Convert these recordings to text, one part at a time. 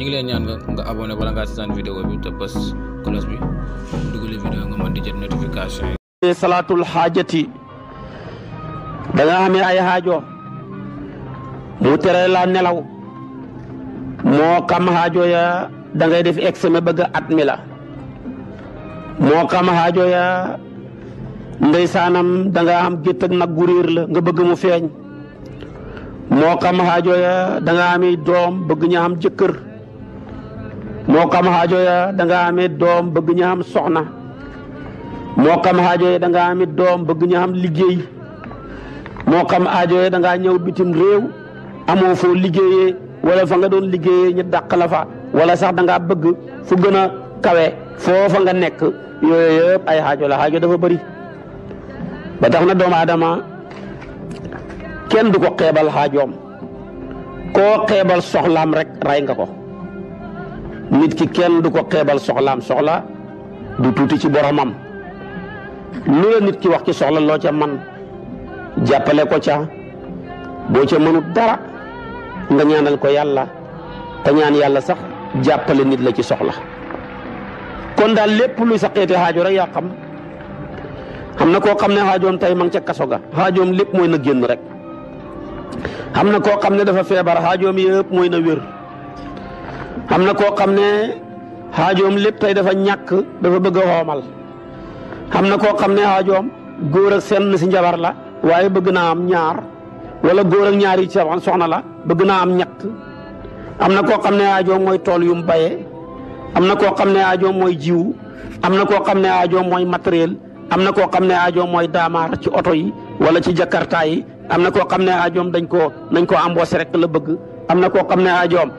ñu ngi leen ñaan nga nga abonné wala nga seetaan vidéo bi te bi vidéo nga mën di jot notification salatul hajati da nga amé ay haajo mu tere la nelaw moo xam ya da ngay def examen bëgg at mi la ya ndeysaanam da nga am gétt ak nag gu la nga bëgg mu feeñ moo ya da nga ami doom bëgg ñu am moo kam xaajo ya da nga amee doom bëgg ñu am soxna moo kam xaajo ya da nga amee doom bëgg ñu am liggéey moo kam aajo ya da ngaa ñëw bitim réew amoo foo liggéeyee wala fa nga doon liggéeyee ñu dàq la fa wala sax da ngaa bëgg fu gën a kawe foofa nga nekk yooyu yëpp ay xaajo la xaajo dafa bëri ba tax na doomu aadama kenn du ko xeebal xaajoom koo xeebal soxlaam rek ray nga ko nit ki kenn du ko xébal soxlaam soxla du tuuti ci boromam lu la nit ki wax ci soxla lo ca man jappalé ko ca bo ca mënu dara nga ñaanal ko yalla ta ñaan yalla sax jappalé nit la ci soxla kon daal lépp luy sa xeeti xaajo rek yaa xam xam na koo xam ne xaajoom tey ma ca kaso ga xaajoom lépp mooy na génn rek xam na koo xam ne dafa feebar xaajoom yëpp mooy na wér am na koo xam ne xaajoom lépp tey dafa ñàkk dafa bëgg a xoomal am na koo xam ne xaajoom góor ak seen si njabar la waaye bëgg naa am ñaar wala góor ñaari ñaar yi ci soxna la bëgg naa am ñett am na koo xam ne xaajoom mooy tool yu mu bayee am na koo xam ne xaajoom mooy jiw am na koo xam ne xaajoom mooy matériel am na koo xam ne xaajoom mooy daamaar ci oto yi wala ci jakarta yi am na koo xam ne xaajoom dañ koo nañ koo embauché rek la bëgg am na koo xam ne xaajoom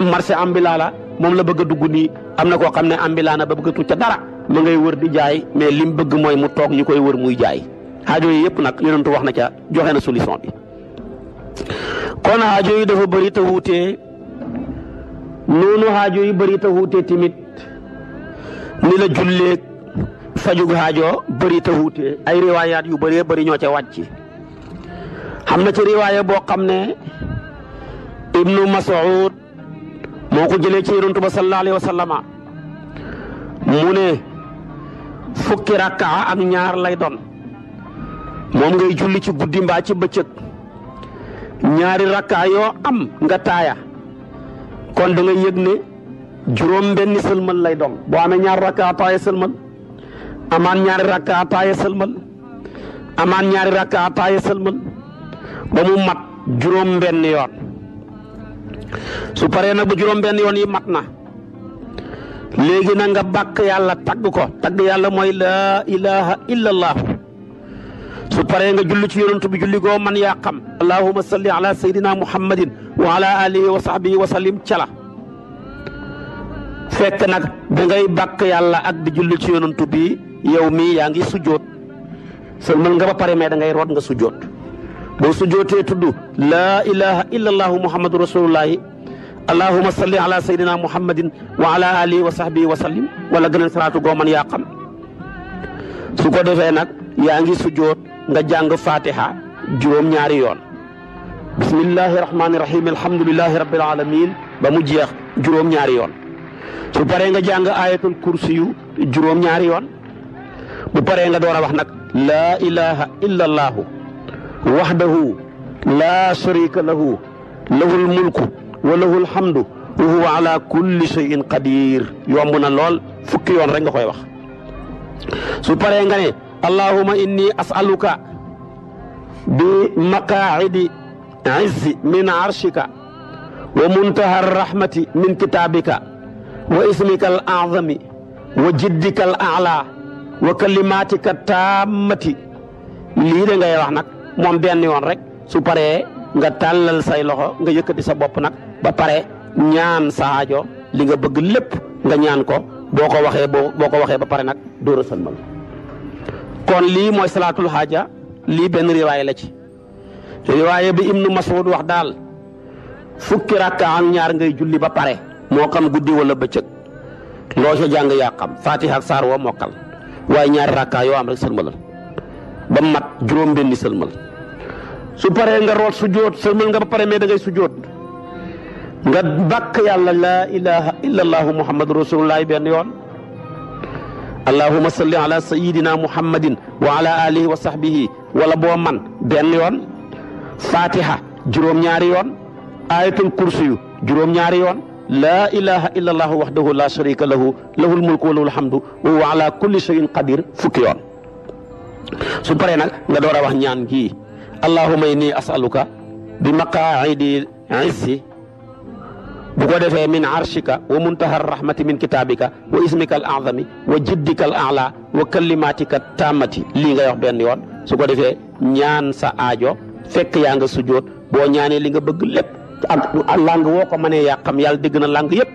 marché ambulant moom la bëgg a dugg nii am na koo xam ne ambulant na ba bëgg a tuut ca dara ma ngay wër di jaay mais lim bëgg mooy mu toog ñu koy wër muy jaay aajo yi yëpp nag yonentu wax na ca joxe na solution bi. kon aajo yi dafa bëri te wuute noonu aajo yi bëri te wuute tamit ni la julleeg fajug aajo bëri te wuute ay riwaayaat yu bëree bëri ñoo ca wàcc xam na ci riwaaya boo xam ne Ibnu Mas'ud moo ko jëlee ci yonent ba sallallahu alayhi mu ne fukki rakkaa ak ñaar lay doon moom ngay julli ci guddi mbaa ci bëccëg ñaari rakkaa yoo am nga taaya kon da ngay yëg ne juróom benni sëlmal lay doon boo amee ñaari rakkaa taaya sëlmal amaan ñaari rakkaa taaya sëlmal amaan ñaari rakkaa ba mu mat juróom benn yoon su paree na bu juróom benn yoon yi mat na léegi na nga bàkk yàlla tagg ko tagg yàlla mooy la ilaha illa allah su paree nga julli ci yonantu bi julli goo man yaa xam allahuma salli ala sayidina muhammadin wa ala alihi wa sahbihi wa sallim cala fekk nag da ngay bàkk yàlla ak di julli ci yonantu bi yow mii yaa ngi sujjoot man nga ba pare mais da ngay root nga sujjoot su jote tuddu La ilaha illa Muhammadur Rasulullah, Allahumma salli ala sayidina muhammadin wa ala alihi wa sahbihi wa sallim wala gënal salaatu goo man ya xam su ko defee nak yaa ngi sujoot nga jang fatiha juróom ñaari yoon bismillahir rahmanir rahim alhamdulillahi rabbil alamin ba mu jeex juróom ñaari yoon su paree nga jang ayatul kursi yu juróom ñaari yoon bu paree nga door wax nak la ilaha illa وحده لا شريك له له الملك وله الحمد وهو على كل شيء قدير يومنا لول فك يوم رنغ خوي واخ سو اللهم اني اسالك بمقاعد عز من عرشك ومنتهى الرحمة من كتابك واسمك الأعظم وجدك الأعلى وكلماتك التامة ليه ده غير mom ben yon rek su paré nga talal say loxo nga yëkëti sa bop nak ba paré ñaan sa li nga bëgg lepp nga ñaan ko boko waxé boko waxé ba pare nak do a mal kon li moy salatul haja li ben riwaya la ci riwaya bi ibnu masud wax dal fukki rakka ñaar ngay julli ba paré mo xam guddi wala beccëk lo ca jang ya xam fatiha ak saar mokal way ñaar rakka am rek ba mat benni sëlmal su paree nga root su jóot sëlmal nga ba pare mais da ngay su jóot nga bàkk yàlla laa ilaha illa allahu muhammadu rasulullah benn yoon allahuma salli ala sayidina muhammadin wa ala alihi wa sahbihi wala boo man benn yoon fatiha juróom-ñaari yoon ayatul kursi yu juróom-ñaari yoon laa ilaha illa allahu waxdahu la sharika lahu lahul mulku wa lahul hamdu wa huwa ala kulli shay'in qadir fukki yoon su paree nag nga door a wax ñaan gii Allahumma inni as'aluka bi maqaidi 'izzi bu ko defee min arshika wa muntahar rahmati min kitabika, wa ismika al azami wa jiddika al ala wa kalimatika tamati li nga wax ben yoon su ko defee ñaan sa aajo fekk yaa nga sujjoot boo ñaanee li nga bëgg lépp ak lang woo ko mënee yaa yàlla na lang yépp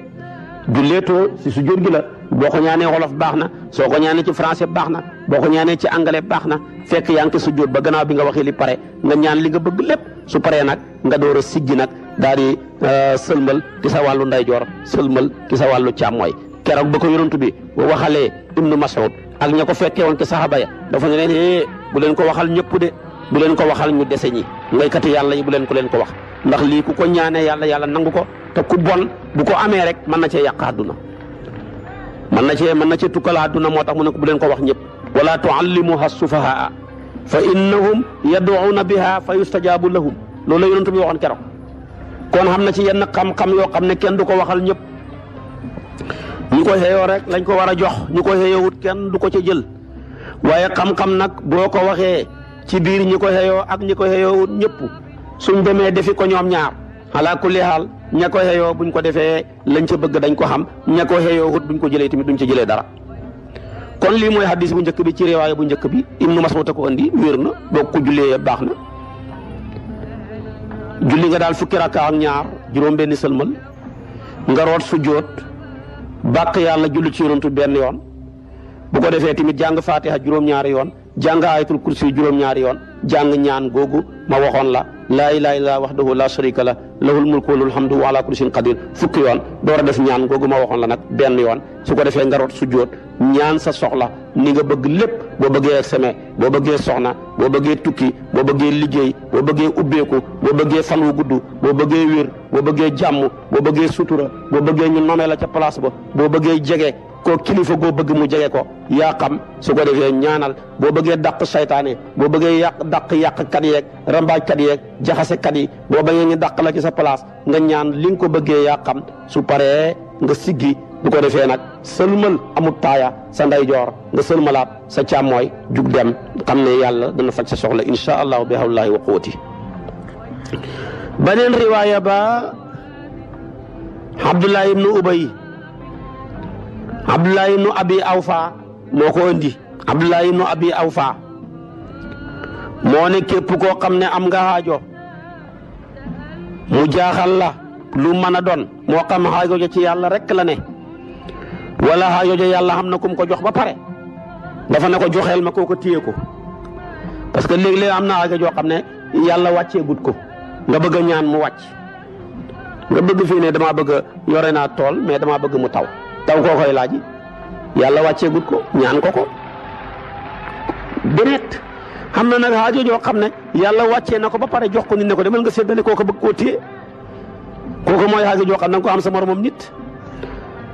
julleetoo si sujjoot gi la boko ñane ñaanee wolof baax na soo ci français baxna boko ñane ci anglais baxna fekk yaa ngi sujjóot ba gannaaw bi nga waxee li pare nga ñaan li nga bëgg lepp su paré nak nga doora a siggi nag daal di euh, sëlmal ci sa nday jor sëlmal ci sa walu chamoy kérok bako yoonntu bi waxalee ibnu masud ak ñako ko won ci sahaba ya dafa ne leen eh, bu leen ko waxal ñëpp de bu leen ko waxal ñu dese ñi kat yalla yi bu leen ko leen ko wax ndax li ku ko ñaané yalla yalla nanguko te ku bon bu ko amé rek man na ci yaqaduna man na ci man na ci tukkal aduna motax mu ne ko bu len ko wax ñep wala tuallimu hasufaha fa innahum yad'una biha fa yustajaabu lahum loolu yonent bi waxon keroog kon xam na ci yenn xam-xam yo xamne kenn du waxal ñep ñu ko rek lañ ko wara jox ñu ko wut kenn du ci jël waye xam-xam nak boko waxe ci biir ñi ko ak ñi ko xeeyowut ñëpp suñ defi ko ñom ñaar ala kulli hal ña ko xeyoo buñ ko defee lañ ca bëgg dañ ko xam ña ko xeyoo xut buñ ko jëlee tamit duñ ca jëlee dara kon lii mooy hadis bu njëkk bi ci riwaaya bu njëkk bi ibnu Mas'ud a ko andi wér na boo ko jullee baax na julli nga daal fukki rakka ak ñaar juróom benni sëlmal nga su jóot bàq yàlla julli ci yonantu benn yoon bu ko defee tamit jàng faatiha juróom-ñaari yoon jàng ayatul kursi juróom-ñaari yoon jàng ñaan googu ma waxoon la laa ilaaha illallaa wahdahu laa sharika la lahul mulku wa lahul hamdu wa alaa kulli shay'in qadiir fukki yoon door a def ñaan googu ma waxoon la nag benn yoon su ko defee ngaroot rot su jóot ñaan sa soxla ni nga bëgg lépp boo bëggee seme boo bëggee soxna boo bëggee tukki boo bëggee liggéey boo bëggee ubbeeku boo bëggee fan wu gudd boo bëggee wiir boo bëggee jàmm boo bëggee sutura boo bëggee ñu nomee la ca place ba boo bëggee jege ko kilifa goo bëgg mu jege ko yaa xam su ko defee ñaanal boo bëggee dàq saytaane boo bëggee yàq dàq yàq kat yeeg rambaaj yeeg jaxase kat yi boo bëggee ñu dàq la ci sa place nga ñaan li nga ko bëggee yaa xam su paree nga siggi bu ko defee nag sëlmal amut taaya sa ndeyjoor nga sëlmalaat sa càmmooy jug dem kam ne yàlla dana faj sa soxla insha allahu bi hawlaahi wa quwwati beneen riwaaya ba Abdullah ibnu Ubay Abdullahi nu Abi Awfa moo ko indi Abdullahi ibnu Abi aw fa moo ne képp koo xam ne am nga xaajo mu jaaxal la lu mën a doon moo xam xaajo ja ci yàlla rek la ne walla xaajo ja yàlla xam na kum ko jox ba pare dafa ne ko joxeel ma koo ko téye ko parce que léeg-léeg am na xaajo joo xam ne yàlla wàccee gut ko nga bëgg a ñaan mu wàcc nga bëgg fii ne damaa bëgg yore naa tool mais dama bëgg mu taw. kaw koo koy laaj yàlla wàcceegut ko ñaan ko ko déedéet xam na nag aajo joo xam ne yàlla wàccee na ko ba pare jox ko nit na ko demal nga séddale kooku ko koo téye mooy aajo joo xam na ko am sa moromam nit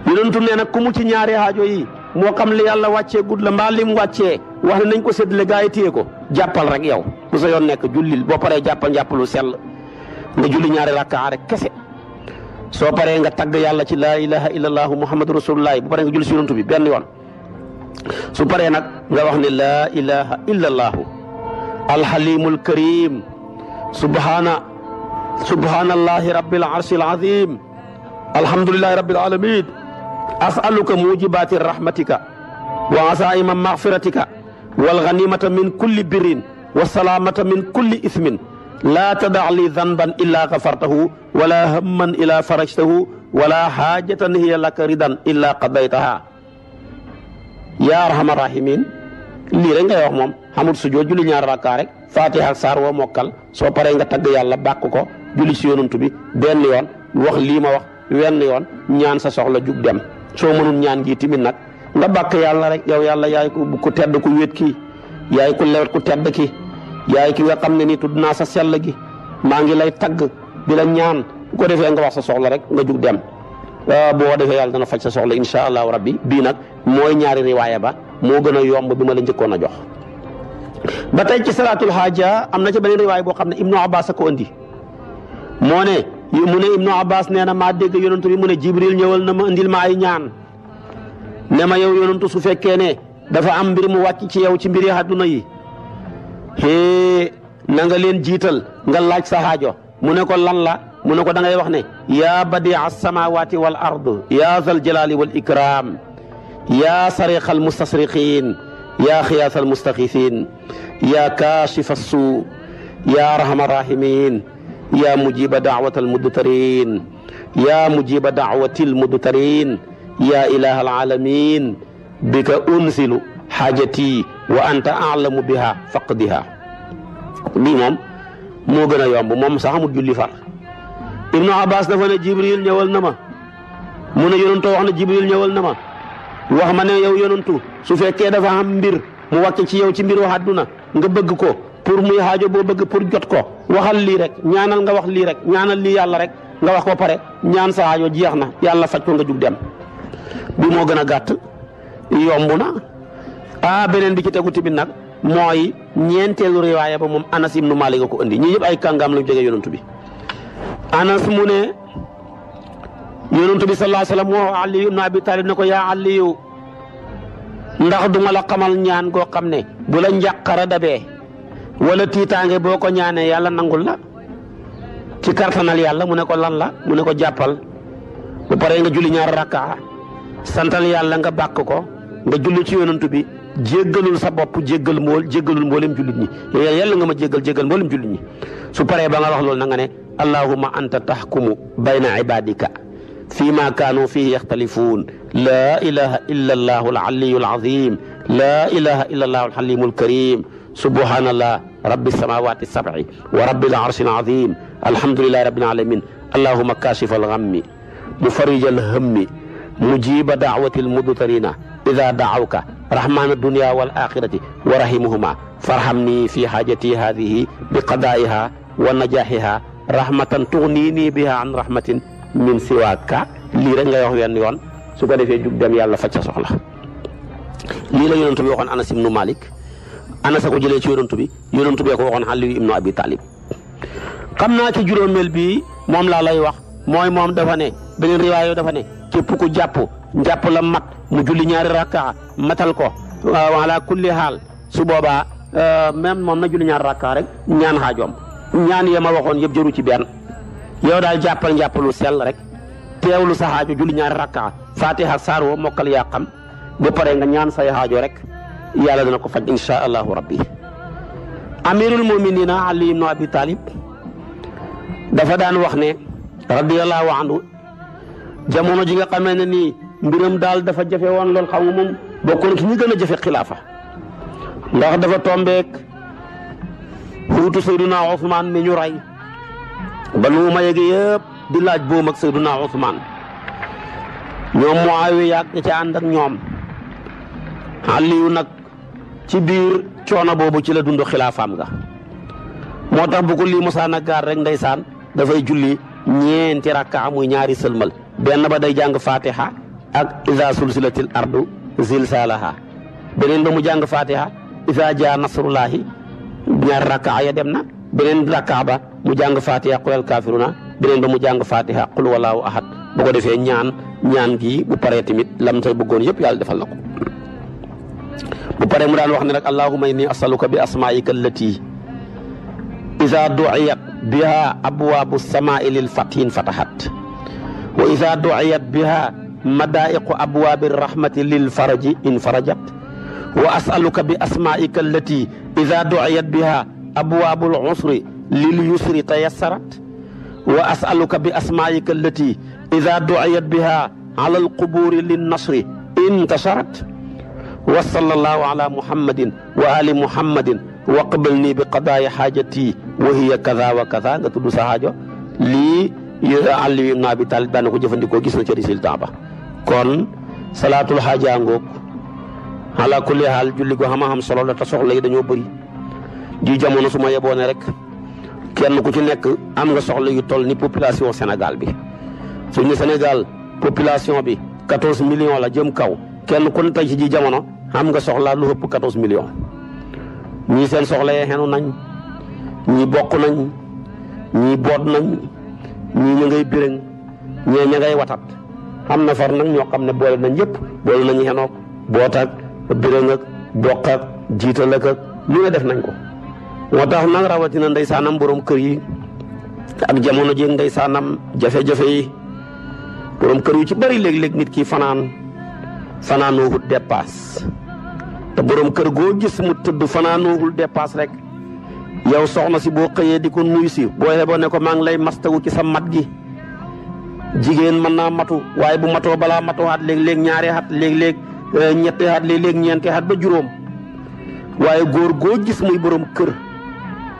yonentu nee nag ku mu ci ñaari aajo yi moo xam li yàlla wàccee gudd la mbaa lim wàccee wax ne nañ ko séddale gaa yi téye ko jàppal rek yow bu sa nekk jullil boo paree jàppal jàppalu sell nga julli ñaari rakkaa kese soo paree nga tagg yàlla ci laa ilaha illallahu muhammadu rasulullah bu paree nga julli si yonent bi benn yoon su paree nag nga wax ne laa ilaha illallahu alxalimul karim subhana subhanallahi rabbil arshil azim alhamdulillahi rabbil alamin asaluka mujibati rahmatika wa asaima magfiratika wal ganimata min kulli birin wa salaamata min kulli ismin laa tadac li danban illaa gafartahu wala hamman illaa farajtahu wala xaajatan hiya laka ridan illaa qadaytaha yaa arhama rahimin lii rek ngay wax moom xamul sujoo julli ñaar rakkaa rek fatiha ak saar mokkal soo paree nga tagg yàlla bàkk ko julli si yonantu bi benn yoon wax lii ma wax wen yoon ñaan sa soxla jug dem soo mënul ñaan gi timit nag nga bàkk yàlla rek yow yàlla yaay ku tedd ku wét ki yaay ku lewet ku tedd kii yaay ki nga xam ne ni tudd naa sa sell gi maa ngi lay tagg di la ñaan bu ko defee nga wax sa soxla rek nga jug dem ah, boo defee yàlla dana faj sa soxla incha allahu rabbi bii nag mooy ñaari riwaaya ba moo gën a yomb bi ma la njëkkoon a jox. ba tey ci salaatul haaja am na ci beneen riwaay boo xam ne Ibnu Abbas a ko andi moo ne mu ne Ibnu Abbas nee na maa dégg yonantu bi mu ne Jibril ñëwal na ma indil ma ay ñaan ne ma yow yonantu su fekkee ne dafa am mbir mu wàcc ci yow ci mbiri àdduna yi. he na nga len jital nga laaj sa hajo mu ne ko lan la mu ne ko da ngay wax ne ya badi as samawati wal ard ya zal jalali wal ikram ya sariq al mustasriqin ya khiyas al mustaxisin yaa kaashifa suu yaa rahama rahimin yaa mujiba daawat al mudutarin yaa mujiba daawati al mudutarin yaa ilaha al alamin bika unsilu xaajatii wa anta alamu biha faqdiha lii moom moo gën a yomb moom sax amul julli far ibnu abbas dafa ne jibril ñëwal na ma mu ne yonantu wax na jibril ñëwal na ma wax ma ne yow yonantu su fekkee dafa am mbir mu wàcce ci yow ci mbir mbiru àdduna nga bëgg ko pour muy xaajo boo bëgg pour jot ko waxal lii rek ñaanal nga wax lii rek ñaanal lii yàlla rek nga wax ko pare ñaan sa xaajo jeex na yàlla faj ko nga jug dem bi moo gën a gàtt yomb na ah benen bi ci tegu tamit nak moy ñeenteelu riwaya ba mom anas ibn malik ko andi ñi yeb ay kangam lu jégué yonentou bi anas mu ne yonentou bi sallallahu alayhi wasallam wa ali ibn abi talib ne ko yaa ndax duma la xamal ñaan go xam bu la ñakara dabé wala titangé boko ñaané yalla nangul la ci kartanal yalla mu ne ko lan la mu ne ko jappal bu paré nga julli ñaar raka, santal yalla nga bàkk ko nga julli ci yonentou bi jéggalul sa bopp jéggal mbool jéggalul mboolem julit ñi yow yàlla nga ma jéggal jéggal mboolem julit ñi su paré ba nga wax loolu na nga ne allahumma anta tahkumu bayna ibadika fi ma kanu fi yakhtalifun la ilaha illa allahu alaliyu azim la ilaha illa allahu alxalimu alkarim subhanallah rabbi samawati sabci wa rabbi alarshi alazim alhamdulilahi rabbil alamin اللهم كاشف الغم مفرج الهم مجيب دعوة المضطرين إذا دعوك rahmaani dunya wal axirati wa rahimuhuma farhamni fi xaajati haadihi bi qadaa'iha wa najaahiha rahmatan tugniini biha an rahmatin min siwaaka lii rek ngay wax wenn yoon su ko defee jug dem yàlla faj sa soxla lii la yonent bi waxoon Anas ibnu Malik Anas a ko jëlee ci yonent bi yonent bee ko waxoon Ali ibnu Abi Talib xam naa ci juróomeel bi moom la lay wax mooy moom dafa ne beneen riwaayo dafa ne képp ku jàpp japp la mat mu julli ñaari rakka matal ko wala kulli hal su boobaa euh, même mom na julli ñaar rakka rek ñaan jom ñaan ya waxon yeb jëru ci ben yow dal jappal jappalu sel rek teewlu sa julli ñaar rakka fatiha saar woo mokkal xam bu pare nga ñaan say rek yalla dana ko fajj insha allahu rabbi amirul muminina ali ibn abi talib dafa daan wax ne radiyallahu anhu jamono ji nga xamene ni mbiram dal dafa jafé won lol xam mom moom ci ñu gëna jafé khilafa ndax dafa ak xuutu Seyduna Ousmane ni ñu ray ba lu ma yëge yeb di laaj bo mak Seyduna Ousmane ñom muawi yak ci and ànd ak ñoom Aliyu nak ci bir coono bobu ci la dund xilaafaam nga motax bu ko li musa rek ndaysan da fay julli ñeenti rakka muy ñaari selmal ben ba day jang fatiha ak iza sulsilatil ardu zilzalaha benen ba mu jang fatiha iza jaa nasrullah ñaar rakkaa ya demna benen beneen ba mu jang fatiha qul kafiruna benen ba mu jang fatiha qul wallahu ahad bu ko defé ñaan ñaan gi bu paré timit lam ca bëggoon yépp yalla defal nako bu paré mu daan wax ni nag allahumma inni asaluka bi asma'ika allati iza du'iya biha abwaabu samaa'i fatin fatahat wa iza du'iya biha مدائق أبواب الرحمة للفرج إن فرجت وأسألك بأسمائك التي إذا دعيت بها أبواب العسر لليسر تيسرت وأسألك بأسمائك التي إذا دعيت بها على القبور للنصر انتشرت وصلى الله على محمد وآل محمد وقبلني بقضايا حاجتي وهي كذا وكذا nga tudd لي يعلمنا بتالبان وجفن àlli wi naa bi kon salaatul xaaja ngoog ala kulli xaal julli go xam a xam solo la te soxla yi dañoo bëri ji jamono su ma yeboo rek kenn ku ci nekk am nga soxla yu toll ni population Sénégal bi suñu Sénégal population bi 14 million la jëm kaw kenn ku ne tey ci ji jamono am nga soxlaa lu ëpp 14 millions ñii seen soxla yee xenu nañ ñii bokk nañ ñii boot nañ ñii ña ngay ñee ña watat am na far nag ñoo xam ne boole nañ yépp boole nañ xenoog boot ak birëng bokk ak jiital ak ak lu ne def nañ ko moo tax nag rawatina ndeysaanam borom kër yi ak jamono jéeg ndeysaanam jafe-jafe yi borom kër yi ci bari léeg-léeg nit ki fanaan fanaanoowul dépasse te borom kër goo gis mu tëdd fanaanoowul dépasse rek yow soxna si boo xëyee di ko nuyu si boo ne ko maa ngi lay mastagu ci sa mat gi jigéen mën naa matu waaye bu matoo balaa matoo at léeg-léeg ñaari at léeg-léeg euh, ñetti at léeg-léeg ñeenti at ba juróom waaye góor goo gis muy boroom kër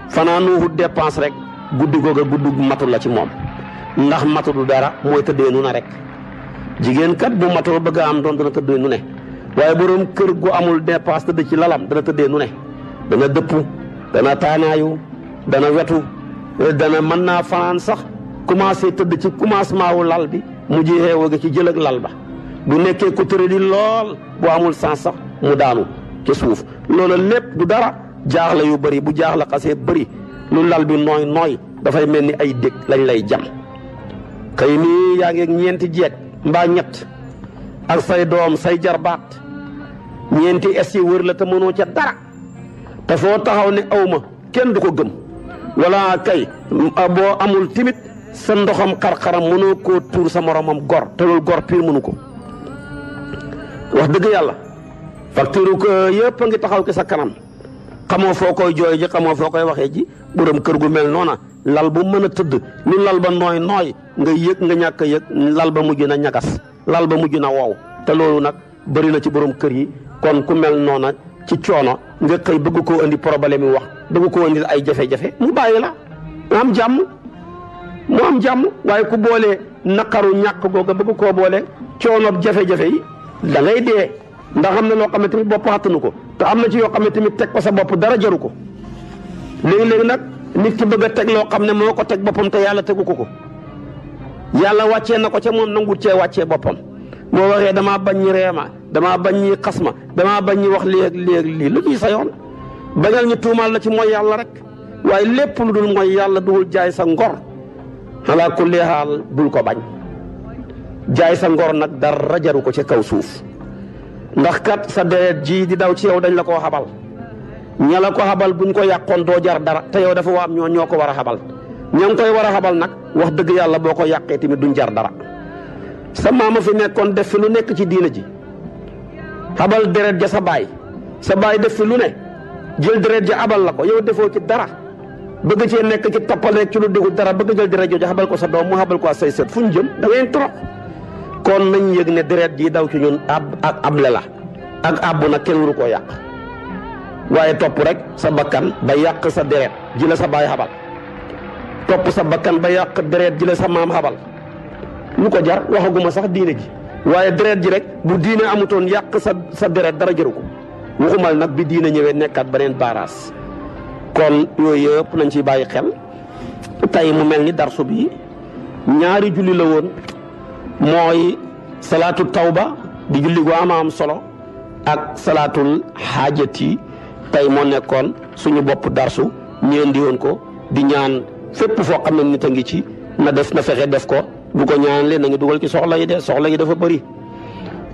fanaanuuxut dépense rek guddi googa guddi matu la ci moom ndax matu du dara mooy tëddee nu na rek jigéen kat bu mato bëgg a am doon dana tëddee nu ne waaye borom kër gu amul dépense tëdd ci lalam dana tëddee nu ne dana dëpp dana taanaayu dana wetu dana mën naa fanaan sax commencé teud ci commencement wu lal bi mu jexé wo ci jël ak lal ba bu nekké ku di lol bu amul sans sax mu daanu ci suuf lolo lepp du dara jaaxle yu bari bu jaaxla xasse bari lu lal bi noy noy da fay melni ay dekk lañ lay jam kay nii yaa ak ñent jeeg mba ñet ak say doom say jarbaat ñeenti es wër la te mëno ci dara te fo taxaw ne awma kenn du ko gëm wala kay abo amul timit sa ndoxam xarxaram xaram mënoo koo tuur sa moromam gor te loolu gor piir mënu ko wax dëgg yàlla facture ko yépp a ngi taxaw ki sa kanam xamoo foo koy jooy ji xamoo foo koy waxee ji buram kër gu mel noona lal bu mën a tëdd lu lal ba nooy nooy nga yëg nga ñàkk yëg lal ba mujj na lal ba mujj na wow te loolu nag bëri na ci borom kër yi kon ku mel noona ci coono nga xëy bëgg koo andi problème yi wax bëgg koo andi ay jafe-jafe mu bàyyi la am jàmm mu am jàmm waaye ku boole naqaru ñàkk googa bëgg koo boole coonoog jafe-jafe yi da dee ndax xam na loo xam ne tamit bopp xattanu ko te am na ci yoo xam ne tamit teg ko sa bopp dara jaru ko léegi-léegi nag nit ki bëgg a teg loo xam ne moo ko teg boppam te yàlla tegu ko ko yàlla wàccee na ko ca moom nangut cee wàccee boppam moo waxee damaa bañ ñi reema damaa bañ ñi xas ma damaa bañ ñi wax léeg léeg lii lu ñuy sa yoon bañal ñu tuumaal la ci mooy yàlla rek waaye lépp lu dul mooy yàlla duwul jaay sa ngor ala kulli hal bul ko bañ jaay sa ngor nak dar rajaru ko ci kaw suuf ndax kat sa deet ji di daw ci yow dañ la ko xabal ñala ko xabal buñ ko yakkon do jar dara te yow dafa waam ñoo ñoo ko war a xabal ña koy wara xabal wax deug yalla boko yakke timi duñ jar dara sa mama fi nekkon def lu nekk ci diina ji xabal deret ja sa bay sa bay def lu ne jël deret ja abal la ko yow defo ci dara bëgg ci nekk ci topal rek ci lu dégul dara bëgg jël deret jooju xabal ko sa doom xabal ko say set fuñu jëm da trop kon nañ yëg ne deret ji daw ci ñun ab ak am la ak àbb kenn waru ko yaq waye top rek sa bakkan ba yaq sa deret ji la sa baye xabal top sa bakkan ba yaq deret ji la sa maam xabal lu ko jar waxaguma sax diiné ji waye ji rek bu diiné amutoon yaq sa sa dara jëru ko waxumal nak bi diiné ñëwé nekkat benen kon yooyu yëpp nañ ci bàyyi xel tey mu mel ni darsu bi ñaari julli la woon mooy taw ba di julli gu am am solo ak salaatul yi tey moo nekkoon suñu bopp darsu ñeen di woon ko di ñaan fépp foo xam ne nit a ngi ci na def na fexe def ko bu ko ñaan leen na dugal ci soxla yi de soxla yi dafa bëri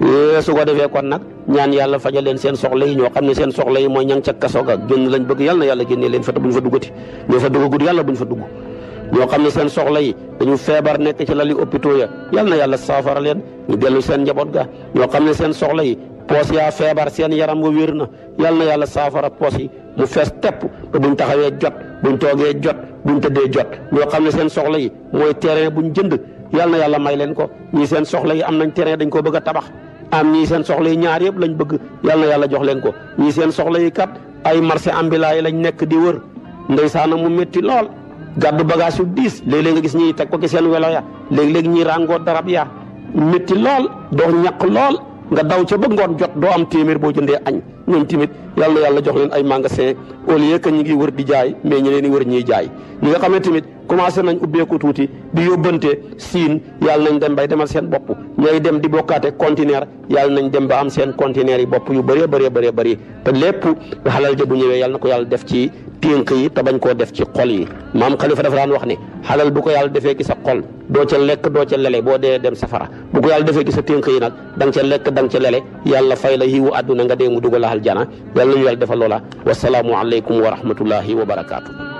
Eh, su ko defee kon nag ñaan yàlla fajal leen seen soxla yi ñoo xam ne seen soxla yi mooy ña ca kaso ga lañ bëgg yàlla yàlla génnee leen fa buñ fa duggati ñoo fa duggagut yàlla fa dugg ñoo xam ne seen soxla yi dañu feebar nekk ci lali hôpitaux ya yàlla na yàlla saafara leen ñu dellu seen njaboot ga ñoo xam ne seen soxla yi poos yaa seen yaram wa wér na yàlla na yàlla saafara poos yi mu fees tepp ba taxawee jot buñ toogee jot buñ tëddee jot ñoo xam ne seen soxla yi mooy terrain buñ jënd yal na yàlla may leen ko ñii seen soxla yi am nañ terrain dañ ko bëgg a tabax am ñii seen soxla yi ñaar yëpp lañ bëgg yal na yàlla jox leen ko ñii seen soxla yi kat ay marché ambulant yi lañ nekk di wër na mu métti lool gàddu bagage yu diis léeg-léeg nga gis ñiy teg ko ci seen welo ya léeg-léeg ñiy ràngoo darab ya métti lool dox ñaq lool nga daw ca ba ngoon jot doo am téeméer boo jëndee añ ñoom tamit yàlla yàlla jox leen ay magasin au lieu que ñu ngi wër di jaay mais ñi leen di wër ñiy jaay ñi nga xam ne tamit commencé nañ ubbeeku tuuti di yóbbante siin yàlla nañ dem bay demal seen bopp ñooy dem di bokkaate conteneur yàlla nañ dem ba am seen conteneur yi bopp yu bëree bëree bëree bëri te lépp xalal ja bu ñëwee yàlla na ko yàlla def ci pénk yi te bañ ko def ci xol yi mam khalifa dafa daan wax ni halal bu ko yàlla defé ci sa xol do ca lek do ca lele bo de dem safara bu ko yàlla defé ci sa pénk yi nak dang nga ca lekk da ca lele yàlla fay la yiwu àdduna nga dee mu dugal la aljana yàlla ñu yàlla defal loola wasalaamu alaykum wa rahmatullahi wa barakatuh